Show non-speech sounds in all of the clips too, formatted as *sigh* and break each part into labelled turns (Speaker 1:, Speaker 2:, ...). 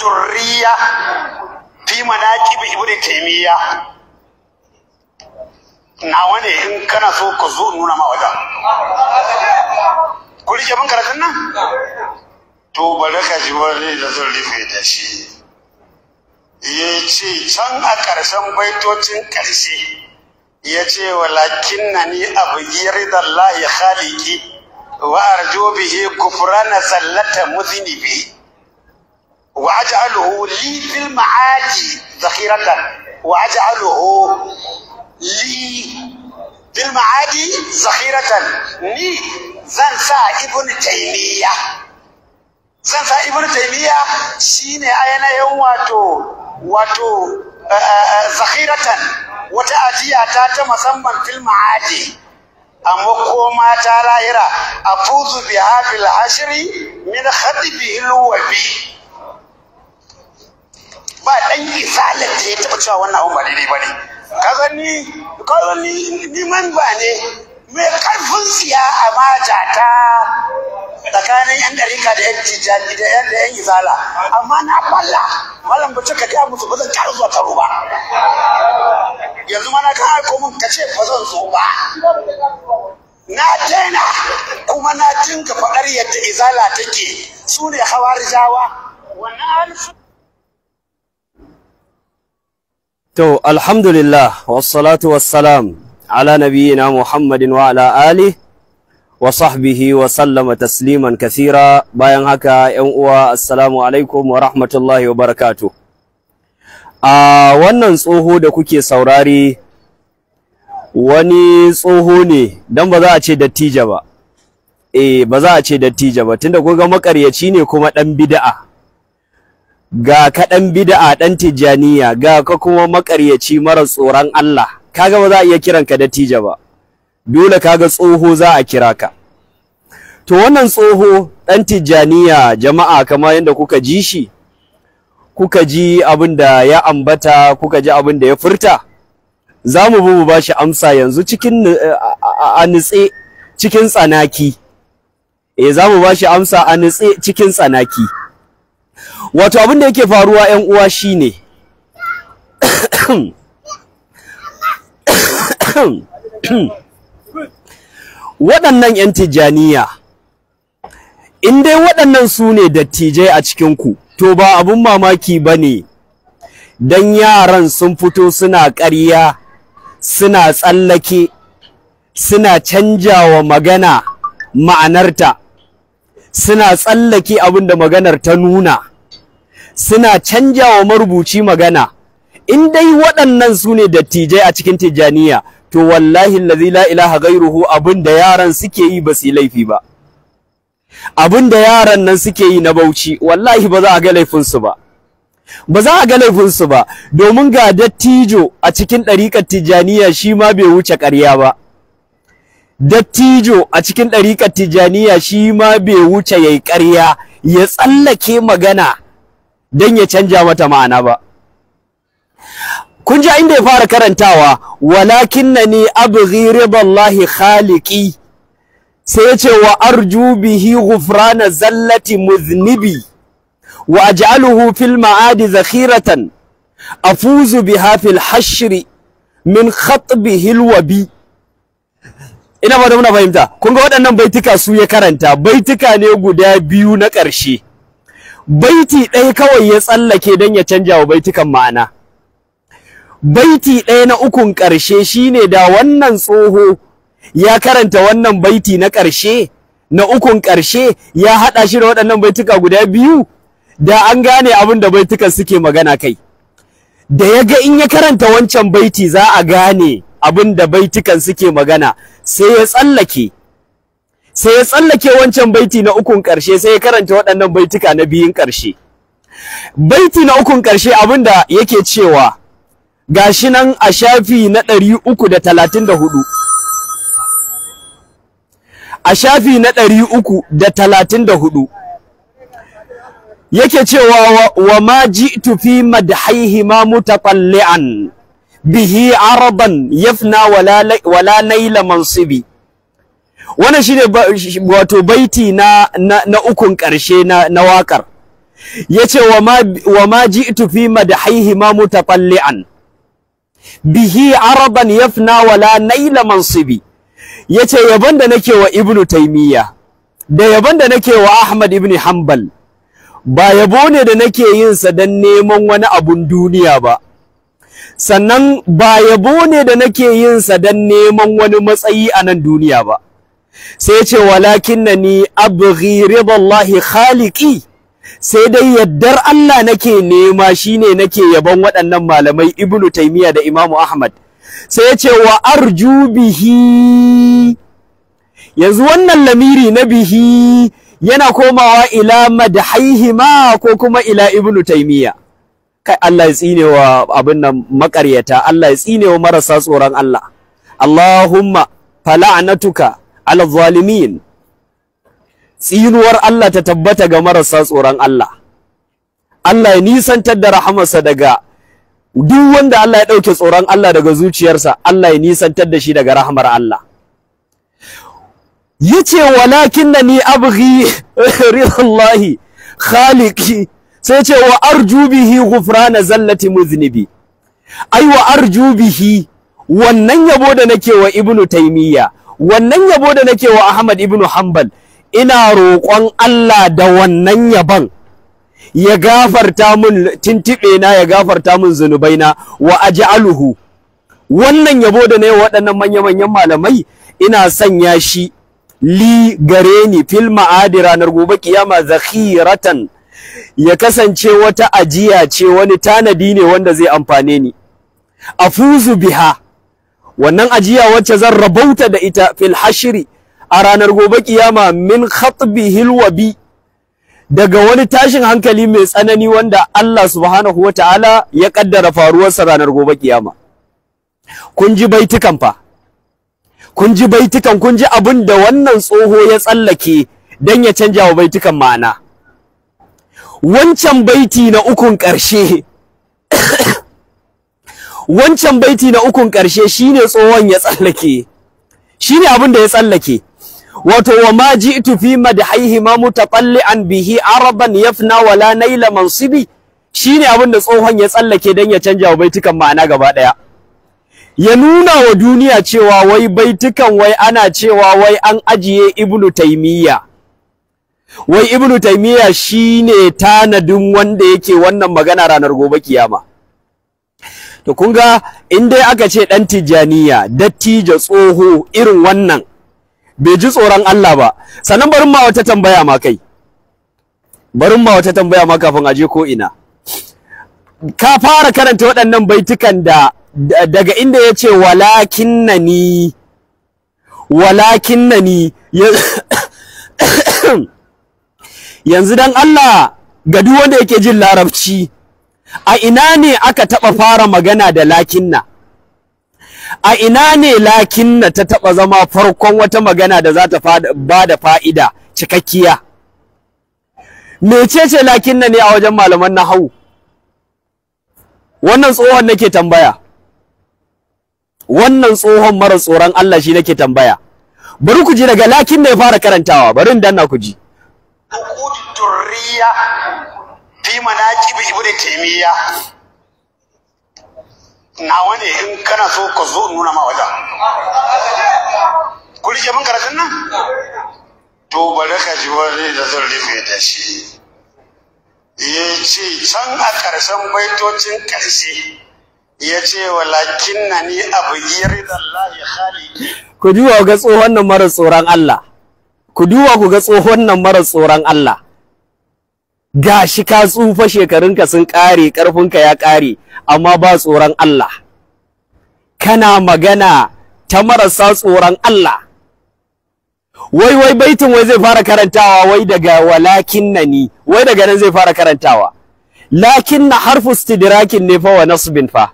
Speaker 1: durriya fi manaqib ibnu taymiya nawa ne in kana so ka zo nuna ma wajen ku rike min karatun nan to bari ka ji wani da zan rufe da shi ya ce can a ƙarshen baitocin ƙarshe ya ce walakin na ni abu yiri da Allah ya khaliki wa arjo bihi kufrana sallata muzinibi واجعله لي في المعادي ذخيرة واجعله لي في المعاد ذخيرة ني زنفا ابن تيمية زنفا ابن تيمية شين اينا يوم واتو واتو آه، آه، آه، ذخيرة آآ آآ وتأتي أتاتا مسمى في المعادي أموكوما تارايرا أفوز بها في العشر من خطبه الوبي ba dan isalin da ya taba cewa wannan abun ba daidai ba ne gani ni gani ni man ba ne mai karfin siya a ta? tsakanin yan ɗarika da yan tijjani da yan da yan izala amma na falla malam ba ka gaya musu ba zan zuwa taro ba yanzu mana ka aiko min ka ce ba zan zo ba na daina kuma na dinga faɗar yadda izala take su ne hawar jawa wannan
Speaker 2: To, alhamdulillah, wassalatu wassalam, ala nabiyina Muhammadin wa ala ali wa sahbihi wa sallama tasliman kathira bayan haka ‘yan uwa, assalamu alaikum wa rahmatullahi wa barakatu. A wannan tsoho da kuke saurari wani tsoho ne, don ba za a ce dattija ba, e, ba za a ce dattija ba, tunda kuga makaryaci ne kuma ɗan bida'a. ga kaɗan bida'a a ɗan tijjaniya ga ka kuma makaryaci mara tsoron Allah kaga ba za a iya kiranka da tija ba dole kaga tsoho za a kira ka to wannan tsoho ɗan tijjaniya jama'a kamar yadda kuka ji shi kuka ji abin da ya ambata kuka ji abin da ya furta za mu bi ba shi amsa yanzu cikin tsanaki eh za mu ba amsa a nutse cikin tsanaki wato abin da yake faruwa yan uwa shine waɗannan yan tijaniya in dai waɗannan su ne dattijai a cikinku to ba abin mamaki ba ne don yaran sun fito suna ƙarya suna tsallake suna canjawa magana ma'anarta suna tsallake abin da maganar ta nuna suna canja wa marubuci magana in dai waɗannan su ne dattijai a cikin tijjaniya to wallahi allazi la ilaha gairuhu abin da yaran suke yi ba su laifi ba abin da yaran nan suke yi na bauchi wallahi ba za a ga laifinsu ba ba za a ga laifinsu ba domin ga dattijo a cikin ɗariƙar Tijaniya shi ma bai wuce ƙarya ba dattijo a cikin ɗariƙar tijjaniya shi ma bai wuce ya yi ƙarya ya tsallake magana don ya canja mata ma'ana ba kun ji inda ya fara karantawa na walakinnani abghi ballahi Khaliƙi, sai ya ce wa arju bihi ghufrana zallati muznibi wa aj'aluhu fil ma'adi zakhiratan afuzu biha fil hashri min khatbihi ina ba da muna fahimta kun ga waɗannan baituka su ya karanta baituka ne guda biyu na ƙarshe baiti ɗaya kawai ya tsallake don ya canja wa baitukan ma'ana baiti ɗaya na ukun ƙarshe shine da wannan tsoho ya karanta wannan baiti na ƙarshe na ukun ƙarshe ya haɗa shi da waɗannan baituka guda biyu da an gane abin da baitukan suke magana kai da ya ga in ya karanta wancan baiti za a gane abin da baitukan suke magana sai ya tsallake sai ya tsallake wancan baiti na ukun ƙarshe sai ya karanta waɗannan baitika na biyun ƙarshe baiti na ukun ƙarshe abinda yake cewa shi nan a shafi na ɗari uku da talatin da hudu a shafi na ɗari uku da talatin da hudu yake cewa wa ma ji tufi madhaihi ma mutaqalli'an bihi araban yafna wala wala naila mansibi wannan shine wato baiti na na, na ukun karshe na na wakar yace wa ma wa ma ji'tu fi madhihi ma mutaqalli'an bihi araban yafna wala naila mansibi yace yaban da nake wa ibnu taymiya da yaban da nake wa ahmad ibn hanbal ba yabo ne da nake yin sa dan neman wani abun duniya ba sannan ba yabo ne da nake yin sa dan neman wani matsayi a nan duniya ba sai ce walakin na ni abghi ridallahi khaliki sai dai yaddar Allah nake nema shine nake yabon waɗannan malamai Ibnu Taymiya da imamu Ahmad sai ce wa arju bihi yanzu wannan lamiri na bihi yana komawa ila madhaihima ko kuma ila Ibnu Taymiya kai Allah ya tsinewa abin nan makaryata Allah ya tsine marasa tsoron Allah Allahumma fala'natuka ala zalimin tsinuwar Allah ta tabbata ga marasa tsoron Allah Allah ya nisantar da rahamarsa daga duk wanda Allah ya ɗauke tsoron Allah daga zuciyarsa Allah ya nisantar da shi daga rahamar Allah yace ni abghi *laughs* ridallahi khaliqi sai ce wa arju bihi ghufrana zallati muznibi ai wa arju wannan yabo da nake wa ibnu Taimiyya. wannan yabo da nake wa Ahmad ibn Hanbal ina roƙon Allah da wannan yabon ya gafarta min tintiɓe na ya gafarta min zunubai na wa aj'aluhu wannan yabo da nayi waɗannan manya-manyan malamai ina sanya shi li gare ni fil ma'adi ranar gobe kiyama zakhiratan ya kasance wata ajiya ce wani tanadi ne wanda zai amfane ni afuzu biha wannan ajiya wacce zan rabauta da ita fil hashri a ranar gobe kiyama min khatbi hilwabi daga wani tashin hankali mai tsanani wanda Allah subhanahu ta'ala ya kaddara faruwarsa ranar gobe kiyama kun ji baitukan fa kun ji baitukan kun ji abin da wannan tsoho ya tsallake dan ya canja wa baitukan ma'ana wancan baiti na ukun ƙarshe wancan baiti na ukun ƙarshe shine tsohon ya tsallake shine abin da ya tsallake wato wa ma ji'tu fi madhihi ma mutaqalli'an bihi araban yafna wala naila mansibi shine abin da tsohon ya tsallake dan ya canja wa baitukan ma'ana gaba daya ya nuna wa duniya cewa wai baitukan wai ana cewa wai an ajiye ibnu Taymiya. wai ibnu taymiya shine tanadin wanda yake wannan magana ranar gobe kiyama to kun ga in dai aka ce ɗan tijaniya dattijo tsoho irin wannan bai ji tsoron Allah ba sannan barin ma wata tambaya ma kai barin ma wata tambaya ma kafin aje ko ina ka fara karanta waɗannan baitukan da daga inda ya ce na ni, *coughs* yanzu dan Allah ga duk wanda yake jin larabci a ina ne aka taɓa fara magana da lakinna a ina ne lakinna ta taɓa zama farkon wata magana da za ta ba da fa'ida cikakkiya mecece lakinna ne a wajen malaman na hau? wannan tsohon nake tambaya wannan tsohon mara tsoron Allah shi nake tambaya bari ku ji daga lakin da ya fara karantawa bari danna ku ji na fi manaqib ibn taymiya
Speaker 1: na wani in kana so ka zo nuna ma wajen ku rike mun karatun nan to bari ka ji wani da zan rufe da shi ya ce can a ƙarshen baitocin ƙarshe ya ce walakin na ni abu yiri da Allah
Speaker 2: ya ku duba ga tsohon nan mara tsoron Allah ku duwa ku ga tsohon nan mara tsoron Allah gashi ka tsufa shekarunka sun ƙare ƙarfinka ya ƙare amma ba tsoron Allah kana magana ta marasa tsoron Allah wai wai baitin wai zai fara karantawa wai daga walakin na ni wai daga nan zai fara karantawa lakin na harfu istidrakin ne fa wa nasbin fa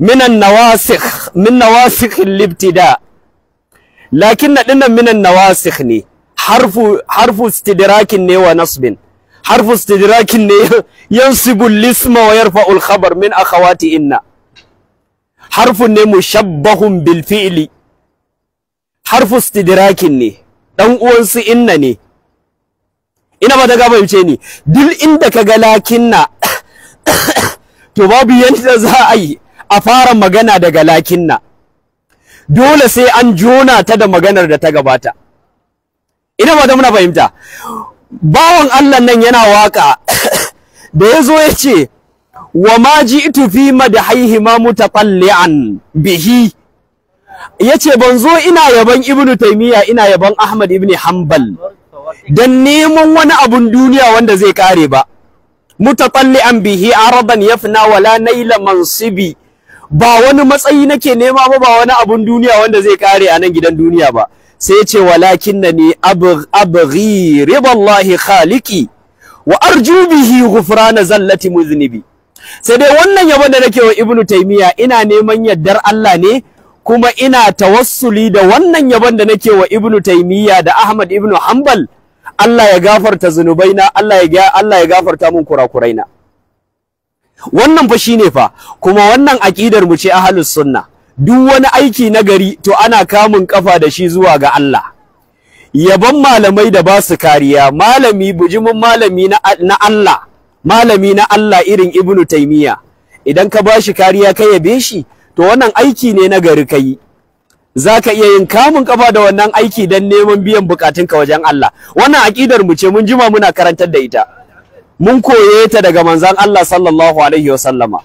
Speaker 2: minan nawasikh min nawasikh libtida lakin na dinnan minan nawasikh ne harfu harfu istidrakin ne wa nasbin harfu istidrakin ne yansibu lisma wa yarfa'u al-khabar min akhawati inna harfun ne mushabbahun bil fi'li harfu istidrakin ne dan uwan inna ne ina ba ta ga fahimce ni duk inda ka ga lakinna to babu yanda za a yi a fara magana daga lakinna dole sai an jona ta da maganar da ta gabata ina ba ta muna fahimta bawan Allah nan yana waka *laughs* da ya zo ya ce wa ma ji itu fi haihi ma mutaqalli'an bihi Ya ce ban zo ina yaban ibnu taymiya ina yaban ahmad ibn hanbal dan neman wani abun duniya wanda zai kare ba mutaqalli'an bihi aradan yafna wala naila mansibi ba wani matsayi nake nema ba ba wani abun duniya wanda zai kare a nan gidan duniya ba sai ce walakin na ni abghi riballahi khaliki wa arju bihi gufrana zallati muznibi sai dai wannan yabo da nake wa ibnu taymiya ina neman yaddar Allah ne kuma ina tawassuli da wannan yabon da nake wa ibnu taymiya da ahmad ibnu hanbal Allah ya gafarta zunubaina Allah ya Allah ya gafarta mun kurakuraina wannan fa shine fa kuma wannan aqidar mu ce ahlus sunna duk wani aiki na gari to ana kamun kafa da shi zuwa ga Allah yaban malamai da ba su kariya malami bujimin malami na Allah malami na Allah irin ibnu taimiya idan ka ba shi kariya ka yabe shi to wannan aiki ne na gari ka yi za ka iya yin kamun kafa da wannan aiki don neman biyan bukatunka wajen Allah wannan aƙidar mu ce mun jima muna karantar da ita mun koye ta daga manzan Allah sallallahu alaihi wasallama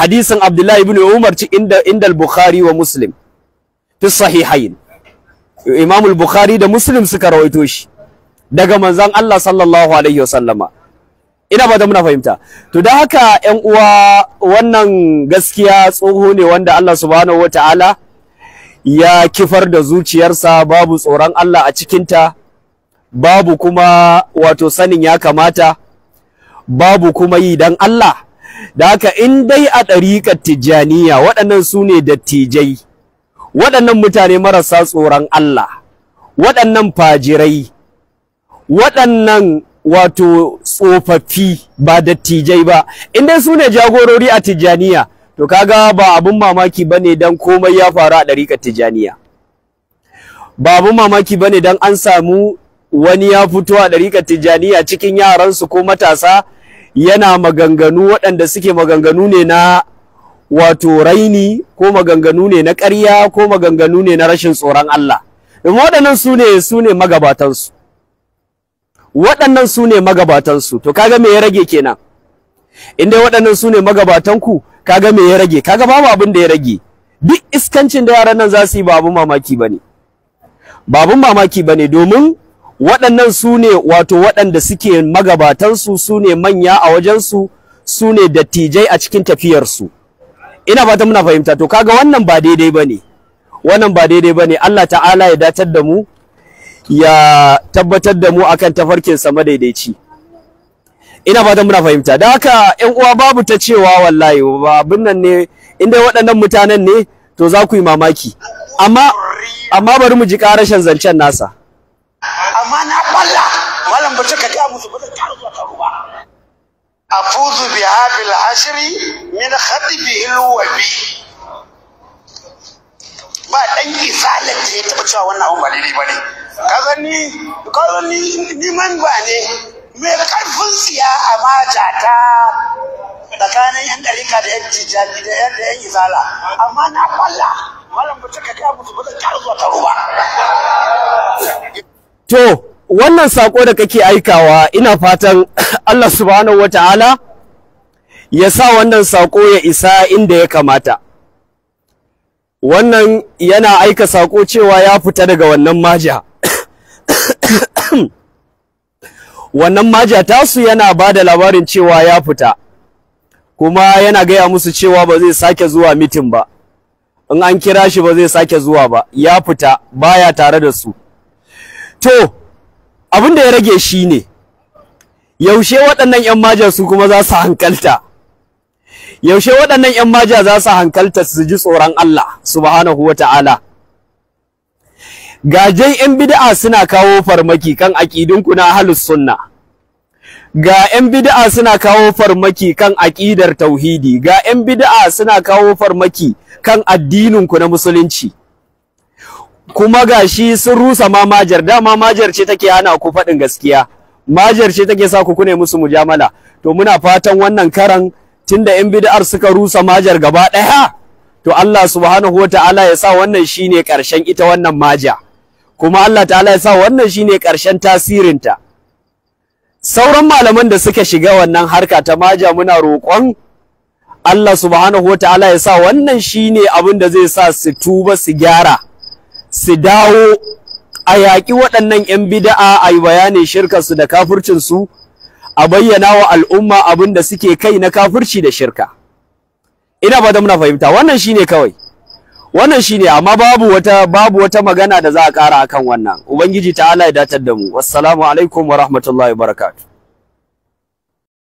Speaker 2: hadisin Abdullahi ibn Umar ci inda inda al-Bukhari wa Muslim fi sahihain Imam al-Bukhari da Muslim suka rawaito shi daga manzon Allah sallallahu alaihi wasallama ina ba da muna fahimta to da haka ƴan uwa wannan gaskiya tsoho ne wanda Allah subhanahu wataala ya kifar da zuciyarsa babu tsoron Allah a cikinta babu kuma wato sanin ya kamata babu kuma yi dan Allah da haka in dai a ɗariƙar tijjaniya waɗannan su ne dattijai waɗannan mutane marasa tsoron Allah waɗannan fajirai waɗannan wato tsofaffi ba dattijai ba in dai su ne jagorori a tijjaniya to kaga ba abun mamaki ba ne don komai ya faru a ɗariƙar tijjaniya ba abun mamaki ba ne don an samu wani ya fito a ɗariƙar tijjaniya cikin yaransu ko matasa yana maganganu waɗanda suke maganganu ne na wato raini ko maganganu ne na ƙarya ko maganganu ne na rashin tsoron Allah waɗannan su ne su ne magabatansu waɗannan su ne magabatansu to kaga me ya rage kenan in dai waɗannan su ne magabatanku kaga me ya rage kaga babu abin da ya rage duk iskancin da yaran nan za su yi babu mamaki ba ne. Babu mamaki ba ne domin waɗannan su ne wato waɗanda suke magabatansu su ne manya a wajensu su ne dattijai a cikin tafiyarsu ina fata muna fahimta to kaga wannan ba daidai ba ne wannan ba daidai ba ne allah ta'ala ya datar da mu ya tabbatar da mu akan tafarkinsa madaidaici ina fata muna fahimta da haka yan uwa babu ta cewa wallahi ba abin nan ne inda waɗannan mutanen ne to za ku yi mamaki amma bari mu ji ƙarashin zancen nasa
Speaker 1: ambace ka ga musu ba zan ƙara zuwa taro ba afuzu bi hadil ashri min khatibi alwabi ba dan isalar da ya taba cewa wannan abun ba daidai bane Ka ni ni ni man ba ne mai karfin siya a mata ta tsakanin yan ɗarika da yan tijjani da yan da yan izala amma na kwalla malam ba ta kaga musu ba zan ƙara zuwa taro ba
Speaker 2: To, wannan sako da kake aikawa ina fatan *laughs* Allah subhanahu wataala ya sa wannan sako ya isa inda ya kamata wannan yana aika sako cewa ya fita daga wannan maja *coughs* wannan maja tasu yana ba da labarin cewa ya fita kuma yana gaya musu cewa ba zai sake zuwa mitin ba in an kira shi ba zai sake zuwa ba ya fita baya tare da su to abin da ya rage shi ne yaushe waɗannan 'yan maja su kuma za su hankalta yaushe waɗannan 'yan maja za su hankalta su ji tsoron Allah subhanahu wa ta'ala gajen 'yan bid'a suna kawo farmaki kan aƙidinku na ahlus sunna ga 'yan bid'a suna kawo farmaki kan aƙidar tauhidi ga 'yan bida'a suna kawo farmaki kan addininku na musulunci kuma shi sun rusa ma majar dama majar ce take hana ku faɗin gaskiya majar ce take sa ku kune musu mujamala to muna fatan wannan karan tunda yan bid'ar suka rusa majar gaba ɗaya to Allah subhanahu wata'ala ya sa wannan shine ƙarshen ita wannan maja kuma Allah ta'ala ya sa wannan shine ƙarshen tasirinta sauran malaman da suka shiga wannan harka ta maja muna roƙon Allah subhanahu wata'ala ya sa wannan shine abin da zai sa su tuba su gyara su dawo a yaƙi waɗannan 'yan bida'a a yi bayanin shirkarsu da kafircinsu a bayyana wa al'umma abin da suke kai na kafirci da shirka ina ba da muna fahimta wannan shine kawai wannan shine amma babu wata babu wata magana da za a ƙara akan wannan ubangiji ta ala ya datar da mu wassalamu alaikum wa rahmatullahi wa barakatuh